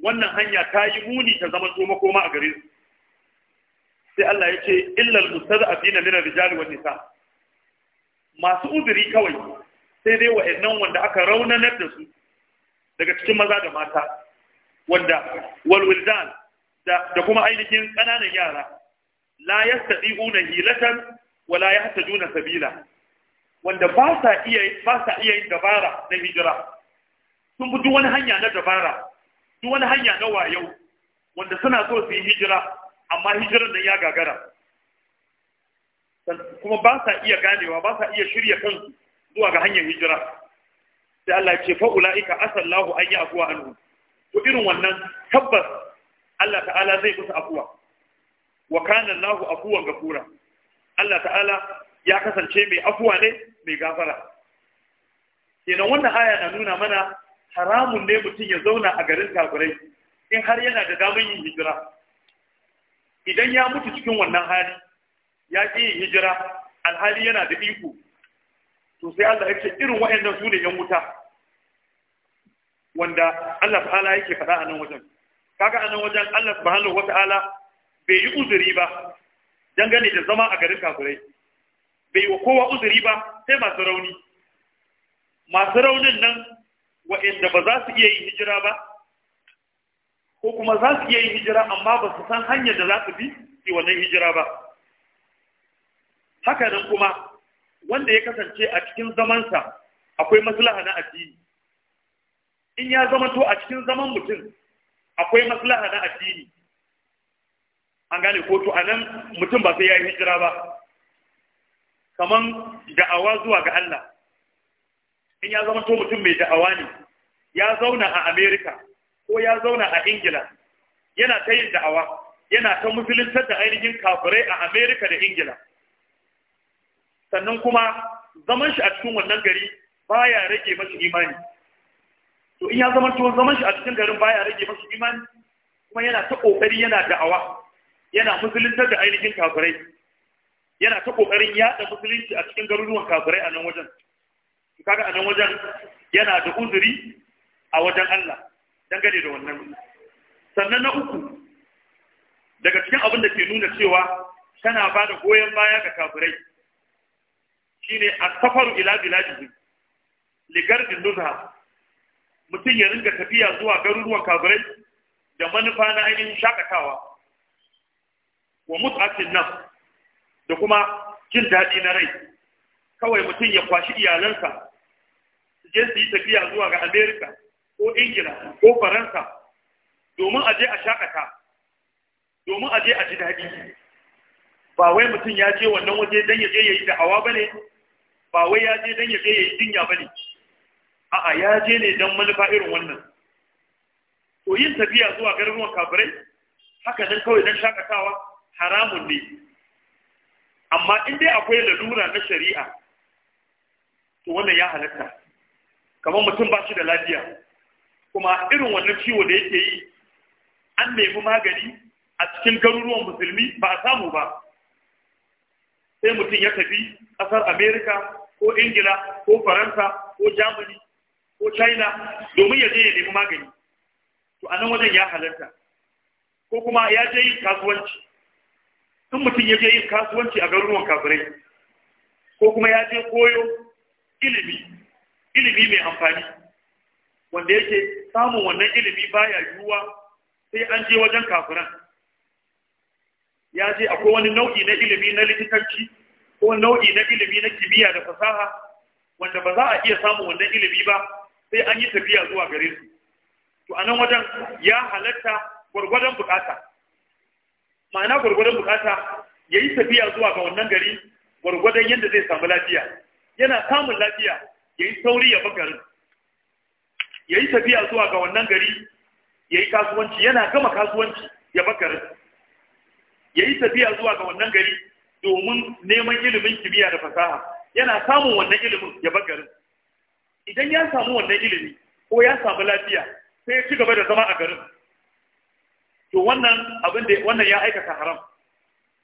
Speaker 1: wannan hanya ta yi muni ta zama to koma a gare su sai Allah ya ce illal mustad'afina min ar-rijali wan nisa masu uzuri kawai sai dai wa'annan wanda aka raunanar da su daga cikin maza da mata wanda walwildan da kuma ainihin ƙananan yara la yastati'una hilatan wa la juna sabila wanda ba sa iya yin dabara na hijira sun bi wani hanya na dabara duk wani hanya na yau wanda suna so su yi hijira amma hijiran nan ya gagara kuma ba sa iya ganewa ba sa iya shirya kansu zuwa ga hanyar hijira sai Allah ya ce fa ulaika asallahu an yafuwa anhu to irin wannan tabbas Allah ta'ala zai musu afuwa wa kana Allahu afuwan gafura Allah ta'ala ya kasance mai afuwa ne mai gafara kenan wannan aya na nuna mana haramun ne mutum ya zauna a garin kafirai in har yana da damar yin hijira idan ya mutu cikin wannan hali ya ƙi yin hijira alhali yana da iko to sai Allah ya ce irin wa'annan su ne yan wuta wanda Allah ta'ala yake faɗa a nan wajen kaga a nan wajen Allah subhanahu wata'ala bai yi uzuri ba dangane da zama a garin kafirai bai wa kowa uzuri ba sai masu rauni masu raunin nan waɗanda ba za su iya yin hijira ba ko kuma za su iya yi hijira amma ba su san hanyar da za su bi su wannan hijira ba haka nan kuma wanda ya kasance a cikin zamansa akwai maslaha na addini in ya zama a cikin zaman mutum akwai maslaha na addini an gane ko to anan mutum ba sai ya yi hijira ba kaman da'awa zuwa ga Allah in ya zama to mutum mai da'awa ne ya zauna a Amerika ko ya zauna a Ingila yana ta yin da'awa yana ta musuluntar da ainihin kafirai a Amerika da Ingila sannan kuma zaman shi a cikin wannan gari baya rage masa imani to in ya zama to zaman shi a cikin garin baya rage masa imani kuma yana ta kokari yana da'awa yana musuluntar da ainihin kafirai yana ta kokarin yada musulunci a cikin garuruwan kafirai a nan wajen kaga a nan wajen yana da uzuri a wajen Allah dangane da wannan sannan na uku daga cikin abin da ke nuna cewa tana ba da goyon baya ga kafirai shine a safaru ila biladihi ligardin nuzha mutum ya ringa tafiya zuwa garuruwan kafirai da manufa na ainihin shakatawa wa mut'atin nan da kuma jin daɗi na rai kawai mutum ya kwashi iyalansa su je su yi tafiya zuwa ga Amerika ko Ingila ko Faransa domin a je a shakata domin a je a ji daɗi ba wai mutum ya je wannan waje don ya je ya yi da'awa ba ne ba wai ya je don ya je ya yi jinya ba ne a'a ya je ne don manufa irin wannan to yin tafiya zuwa garuruwan kafirai haka nan kawai don shakatawa haramun ne amma in dai akwai lalura na shari'a to wannan ya halatta kamar mutum ba shi da lafiya kuma irin wannan ciwo da yake yi an nemi magani a cikin garuruwan musulmi ba a samu ba sai mutum ya tafi ƙasar amerika ko ingila ko faransa ko germany ko china domin ya je ya nemi magani to a nan wajen ya halarta ko kuma ya je yin kasuwanci in mutum ya je yin kasuwanci a garuruwan kafirai ko kuma ya je koyo ilimi ilimi mai amfani wanda yake samun wannan ilimi baya yiwuwa sai an je wajen kafiran ya je akwai wani nau'i na ilimi na likitanci ko nau'i na ilimi na kimiyya da fasaha wanda ba za a iya samun wannan ilimi ba sai an yi tafiya zuwa gare su to anan wajen ya halatta gwargwadon bukata ma'ana gwargwadon bukata ya yi tafiya zuwa ga wannan gari gwargwadon yadda zai samu lafiya yana samun lafiya yayi sauri ya bi garin yayi tafiya zuwa ga wannan gari ya yi kasuwanci yana gama kasuwanci ya bi garin yayi tafiya zuwa ga wannan gari domin neman ilimin kimiyya da fasaha yana samun wannan ilimin ya bi garin idan ya samu wannan ilimi ko ya samu lafiya sai ya ci gaba da zama a garin to wannan abin da wannan ya aikata haram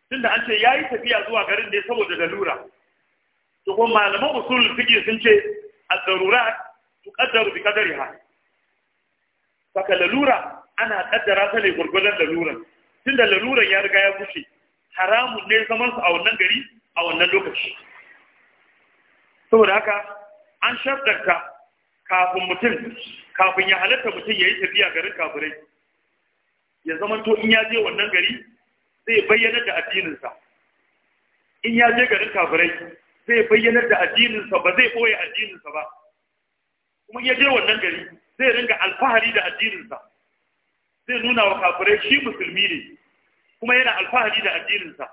Speaker 1: tunda an ce ya yi tafiya zuwa garin ne saboda lalura to kuma malaman usul fiqh sun ce الضرورات تقدر بقدرها bi qadariha saka lalura ana kaddara ta ne gurgurdan laluran tunda laluran ya riga ya bushe haramun ne zaman su a wannan gari a wannan saboda haka an shartarta kafin mutum kafin ya halatta mutum ya yi tafiya garin kafirai ya zama to in ya je wannan gari zai bayyana da addininsa in ya je garin kafirai zai bayyanar da addininsa ba zai ɓoye addininsa ba kuma ya je wannan gari zai ringa alfahari da addininsa zai nuna wa kafirai shi musulmi ne kuma yana alfahari da addininsa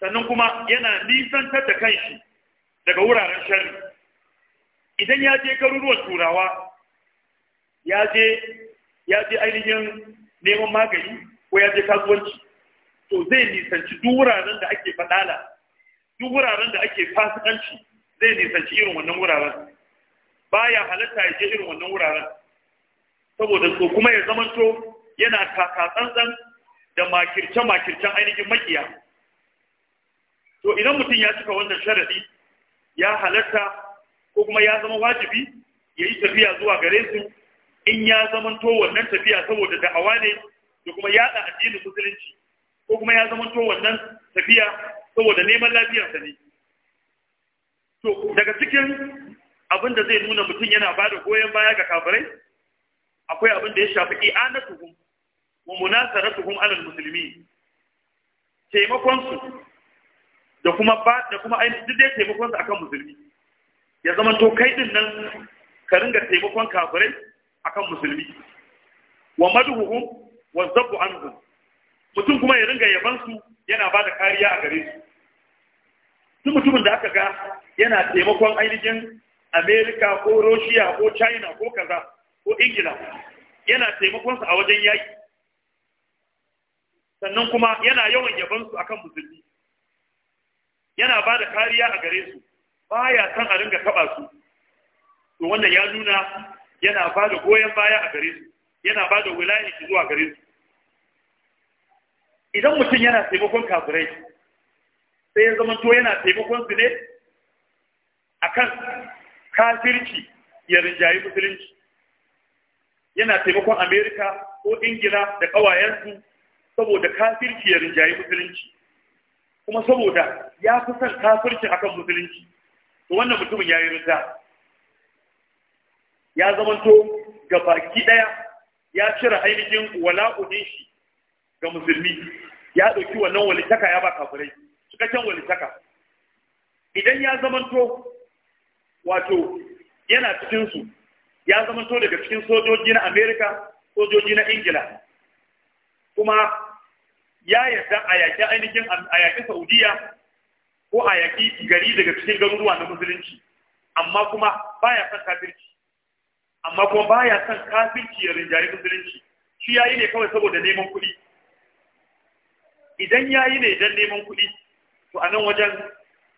Speaker 1: sannan kuma yana nisantar da kanshi daga wuraren shari idan ya je garuruwan turawa ya je ya je ainihin neman magani ko ya je kasuwanci to zai nisanci duk wuraren da ake faɗala duk wuraren da ake fasikanci zai nisanci irin wannan wuraren baya halatta ya je irin wannan wuraren saboda so kuma ya zamanto yana kaka tsantsan da makirce-makircen ainihin makiya to idan mutum ya cika wannan sharaɗi, ya halatta ko kuma ya zama wajibi ya yi tafiya zuwa gare su in ya zamanto wannan tafiya saboda da'awa ne da kuma yada addinin musulunci ko kuma ya zama to wannan tafiya saboda neman lafiyarsa ne to daga cikin abin da zai nuna mutum yana ba da goyon baya ga kafirai akwai abin da ya shafi i'anatuhum wa munasaratuhum alal muslimin taimakonsu da kuma ba da kuma ainihin duk dai taimakon akan musulmi ya zama to kai din nan ka ringa taimakon kafirai akan musulmi wa madhuhum wa zabbu anhum mutum kuma ya ringa yaban su yana ba da kariya a gare su su mutumin da aka ga yana taimakon ainihin amerika ko Roshiya ko china ko kaza ko ingila yana taimakon su a wajen yaki sannan kuma yana yawan yaban su akan musulmi yana ba da kariya a gare su baya san a ringa taba su to wannan ya nuna yana ba da goyon baya a gare su yana ba da wilayen zuwa gare su idan mutum yana taimakon kafirai sai ya zama to yana taimakon su ne a kan kafirci ya rinjayi musulunci yana taimakon amerika ko ingila da ƙawayensu saboda kafirci ya rinjayi musulunci kuma saboda ya fi son kafirci akan musulunci to wannan mutumin ya yi rinta ya zamanto ga baki ɗaya ya cire ainihin wala'udin shi ga musulmi ya ɗauki wannan walitaka ya ba kafirai cikakken walitaka idan ya zamanto wato yana cikinsu ya zamanto daga cikin sojoji na amerika sojoji na ingila kuma ya yarda a yaƙi ainihin a yaƙi saudiya ko a yaƙi gari daga cikin garuruwa na musulunci amma kuma baya son kafirci amma kuma baya son kafirci ya rinjari musulunci shi ya yi ne kawai saboda neman kuɗi idan ya yi ne don neman kuɗi to a nan wajen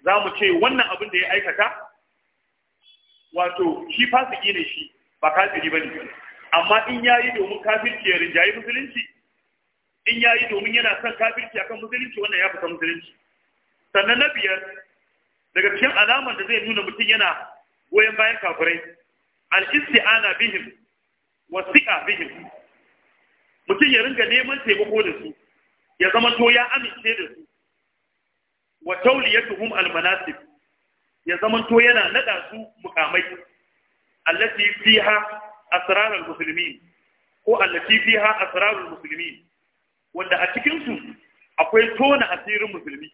Speaker 1: za mu ce wannan abin da ya aikata wato shi fasiki ne shi ba kafiri ba ne amma in ya yi domin kafirci ya rinjaye musulunci in ya yi domin yana son kafirci akan musulunci wannan ya fita musulunci sannan na biyar daga cikin alamar da zai nuna mutum yana goyon bayan kafirai al-isti'ana bihim wa bihim mutum ya ringa neman taimako da su ya zama to ya amince da su wa tawliyatuhum almanasib ya zama to yana nada su mukamai allati fiha asrarul muslimin ko allati fiha asrarul muslimin wanda a cikin su akwai tona asirin musulmi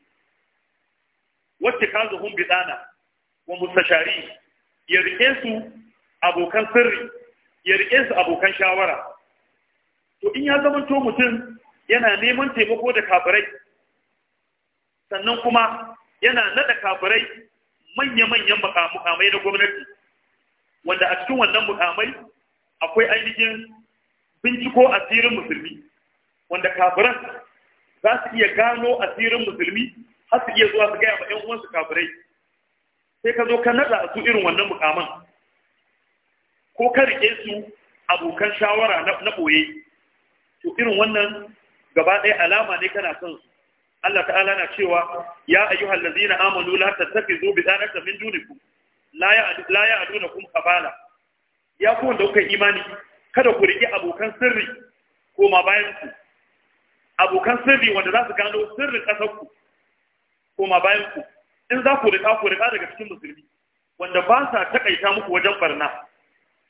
Speaker 1: wacce kazuhum bidana wa mustashari ya rike su abokan sirri ya rike su abokan shawara to in ya zama to mutum yana neman taimako da kafirai sannan kuma yana nada kafirai manya-manyan mukamai na gwamnati wanda a cikin wannan mukamai akwai ainihin binciko asirin musulmi wanda kafiran za su iya gano asirin musulmi har su iya zuwa su gaya ma 'yan uwansu kafirai sai ka zo ka nada su irin wannan mukaman ko ka rike su abokan shawara na ɓoye to irin wannan gaba ɗaya alama ne kana son su Allah ta'ala na cewa ya ayyuhal ladzina amanu la tattakhidhu bidanaka min dunikum la ya la kuma qabala ya ku wanda kuka imani kada ku riƙe abokan sirri ko ma bayan ku abokan sirri wanda za su gano sirrin ƙasar ku ko ma bayan ku in za ku rika ku rika daga cikin musulmi wanda ba sa takaita muku wajen barna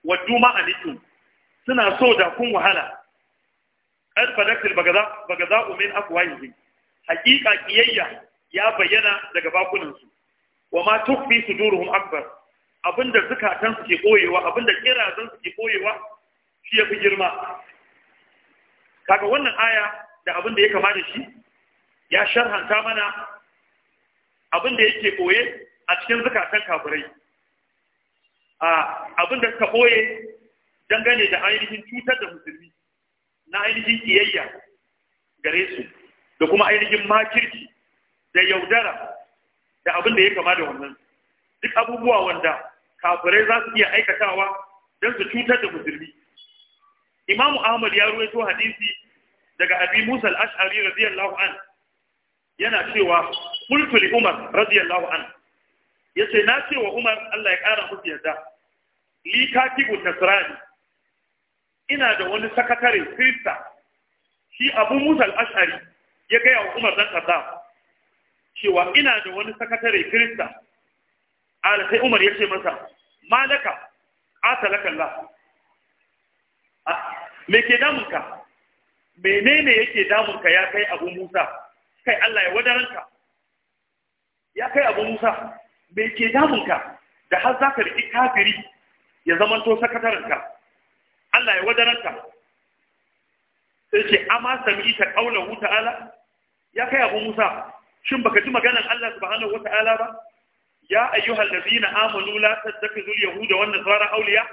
Speaker 1: Waduma a alikum suna so da kun wahala qad badaktil bagaza bagaza min afwahihim haqiqa kiyayya ya bayyana daga bakunan su wa ma tukfi suduruhum akbar abinda zukatan su ke koyewa abinda kirazan su ke koyewa shi ya fi girma kaga wannan aya da abinda ya kamata da shi ya sharhanta mana abinda yake koye a cikin zukatan kafirai a abinda suka koye dangane da ainihin cutar da musulmi na ainihin kiyayya gare su da kuma ainihin makirki da yaudara da abin da ya kama da wannan duk abubuwa wanda kafirai za su iya aikatawa don su cutar da musulmi imamu ahmad ya ruwaito hadisi daga abi musa al-ash'ari radiyallahu an yana cewa qultu li umar radiyallahu an yace na cewa umar Allah ya kara musu yadda, li katibun nasrani ina da wani sakatare krista shi abu musa al'ashari ya gaya wa umar dan kaza cewa ina da wani sakatare krista ala umar ya ce masa malaka atalaka Allah ah, me ke damunka menene yake damunka ya kai abu musa kai Allah ya wadaranka ya kai abu musa me ke damunka da har za ka kafiri ya zamanto sakatarenka Allah ya wadaranta sai ce amma sami ta kaulan wuta ala ya kai abu musa shin baka ji maganar Allah subhanahu wataala ba ya ayyuhal ladina amanu la tattakhizul yahuda wan nasara awliya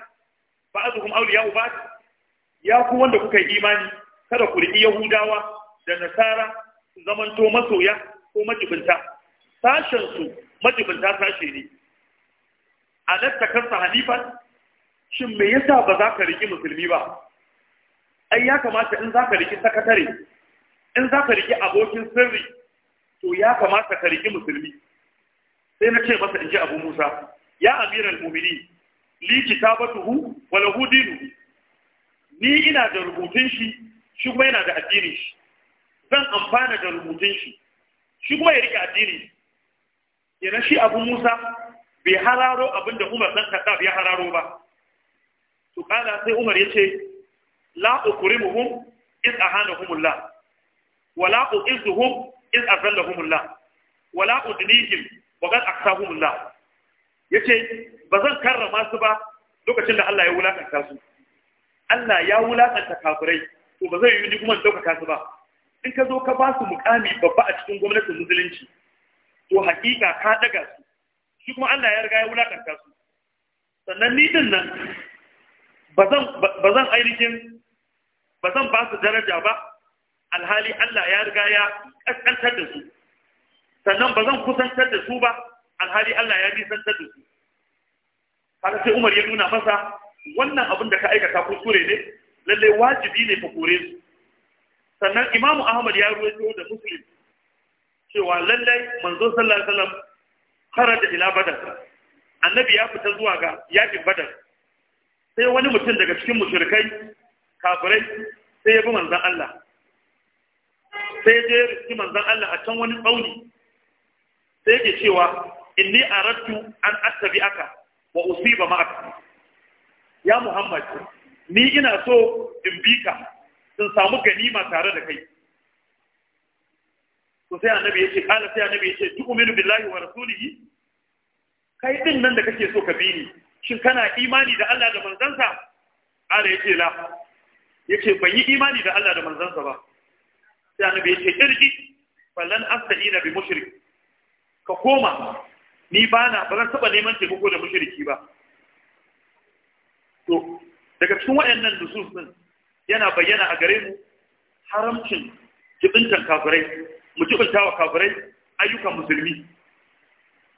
Speaker 1: ba'dhum awliya ba'd ya ku wanda kuka yi imani kada ku riƙi yahudawa da nasara su zamanto masoya ko majibinta sashen su majibinta sashe ne alatta kansa hanifan shin me yasa ba za ka riki musulmi ba ai ya kamata in za ka riki sakatare in za ka riki abokin sirri to ya kamata ka riki musulmi sai na ce masa in ji abu musa ya amiral mumini li kitabatuhu wa lahu dinu ni ina da rubutun shi shi kuma yana da addinin shi zan amfana da rubutun shi shi kuma ya rike addini yana shi abu musa bai hararo abinda da umar dan ya hararo ba to kana sai umar ya ce la ukrimuhum iz ahanahumullah wa la iz azallahumullah Wala udnihim wa qad aksahumullah yace ba zan karrama su ba lokacin da Allah ya wulakanta su Allah ya wulakanta kafirai to ba zai yi ni kuma ɗaukaka su ba in ka zo ka ba su mukami babba a cikin gwamnatin musulunci to hakika ka daga su shi kuma Allah ya riga ya wulakanta su sannan ni din nan ba zan ainihin ba zan ba su daraja ba alhali Allah ya riga ya kaskantar da su sannan ba zan kusantar da su ba alhali Allah ya nisantar da su haka sai Umar ya nuna masa wannan abin da ka aikata kuskure ne Lallai wajibi ne ka kore su sannan Imam Ahmad ya ruwaito da Muslim cewa lalle manzo sallallahu alaihi wasallam kharaja ila badar annabi ya fita zuwa ga yakin badar sai wani mutum daga cikin mushrikai kafirai sai ya bi manzon Allah sai ya je riski manzon Allah a can wani tsauni sai ke cewa inni aradtu an attabi aka wa usiba ma'aka ya Muhammad ni ina so in bi ka in samu ganima tare da kai to sai annabi yace kala sai annabi yace tu'minu billahi wa rasulihi kai din nan da kake so ka bi ni shin kana imani da Allah da manzansa ala yake la yake ban yi imani da Allah da manzansa ba sai annabi yake irji falan astaina bi mushrik ka koma ni bana ba zan taba neman taimako da mushriki ba to daga cikin wayannan nusus din yana bayyana a gare mu haramcin jibintan kafirai mu jibinta wa kafirai ayyukan musulmi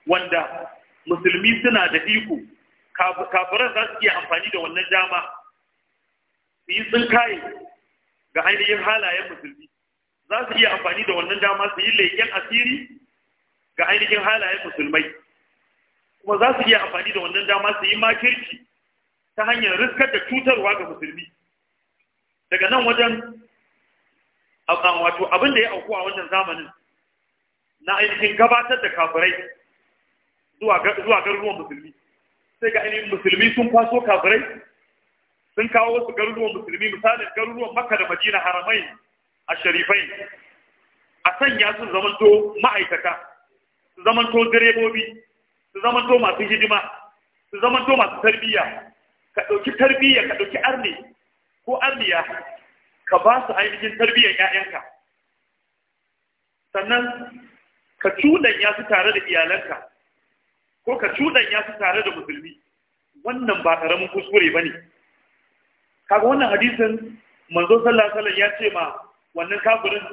Speaker 1: wanda musulmi suna da iko kafiran za su iya amfani da wannan dama su yi tsinkaye ga ainihin halayen musulmi za su iya amfani da wannan dama su yi leƙen asiri ga ainihin halayen musulmai kuma za su iya amfani da wannan dama su yi makirci ta hanyar riskar da cutarwa ga musulmi daga nan wajen wato abin da ya auku a wannan zamanin na ainihin gabatar da kafirai zuwa garuruwan musulmi sai ga ainihin musulmi sun kwaso kafirai sun kawo wasu garuruwan musulmi misalin garuruwan makka da madina haramai a sharifai a sanya su zamanto ma'aikata su zamanto direbobi su zamanto masu hidima su zamanto masu tarbiyya ka ɗauki tarbiyya ka ɗauki arni ko arniya ka ba su ainihin tarbiyyar 'ya'yanka sannan ka cuɗanya su tare da iyalanka ko ka ya fi tare da musulmi wannan ba ƙaramin kuskure ba ne kaga wannan hadisin manzo sallallahu alaihi ya ce ma wannan kafirin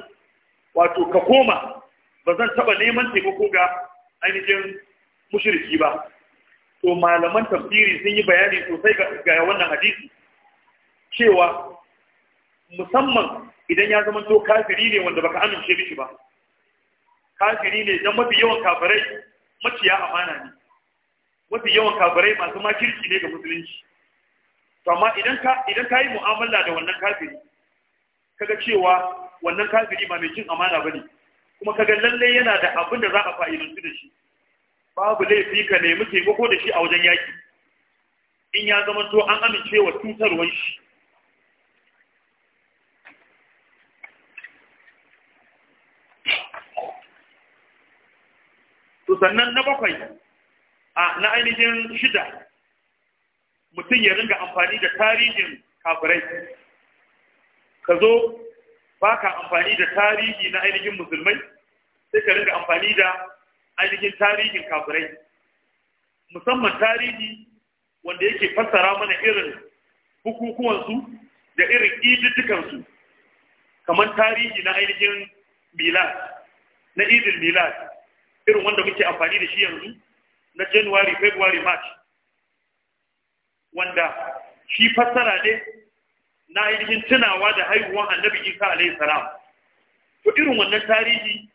Speaker 1: wato ka koma ba zan taɓa neman taimako ga ainihin mushriki ba to malaman tafsiri sun yi bayani sosai ga wannan hadisi cewa musamman idan ya zama to kafiri ne wanda baka amince mishi ba kafiri ne dan mafi yawan kafirai maciya amana ne mafi yawan kafirai masu makirci ne ga musulunci to amma idan ka yi mu'amala da wannan kafiri kaga cewa wannan kafiri ba mai cin amana bane kuma kaga lalle yana da abin da za a fa'idantu da shi babu laifi ka nemi taimako da shi a wajen yaki in ya zama to an amince wa tutarwar shi to sannan na bakwai a na ainihin shida mutum ya ringa amfani da tarihin kafirai ka zo ba ka amfani da tarihi na ainihin musulmai sai ka ringa amfani da ainihin tarihin kafirai musamman tarihi wanda yake fassara mana irin bukukuwansu da irin ididdikansu kamar tarihi na ainihin milad na idil milad irin wanda muke amfani da shi yanzu na January, February, March wanda shi fassara ne na ainihin tunawa da haihuwan annabi Isa alaihi salam to irin wannan tarihi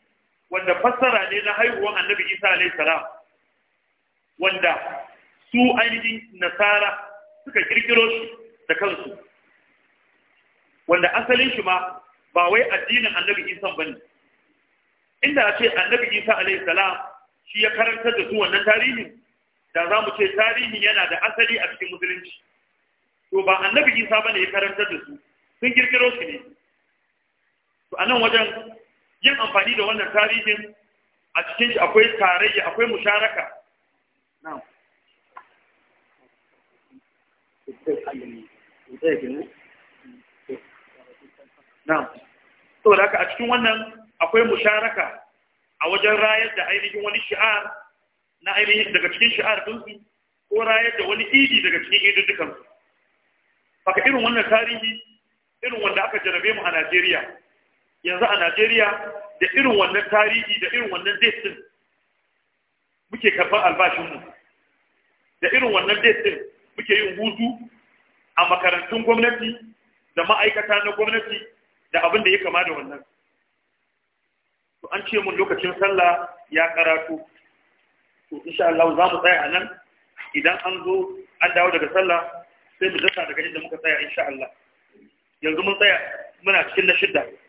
Speaker 1: wanda fassara ne na haihuwan annabi Isa alaihi salam wanda su ainihin nasara suka kirkiro shi da kansu wanda asalin shi ma ba wai addinin annabi Isa bane inda a ce annabi Isa alaihi salam shi ya karantar da su wannan tarihin da za mu ce tarihin yana da asali a cikin musulunci to ba annabi isa bane ya karantar da su sun kirkiro shi ne to anan wajen yin amfani da wannan tarihin a cikin shi akwai tarayya akwai musharaka na'am na'am to da haka a cikin wannan akwai musharaka a wajen rayar da ainihin wani shi'ar na ainihin daga cikin shi'ar ɗinsu ko rayar da wani idi daga cikin su haka irin wannan tarihi irin wanda aka jarabe mu a najeriya yanzu a najeriya da irin wannan tarihi da irin wannan destin muke karɓar albashinmu da irin wannan destin muke yin hutu a makarantun gwamnati da ma'aikata na gwamnati da abin da ya kama da wannan to an ce mun lokacin sallah ya karatu to insha Allah za mu tsaya anan idan an zo an dawo daga sallah sai mu dasa daga inda muka tsaya insha Allah yanzu mun tsaya muna cikin na shidda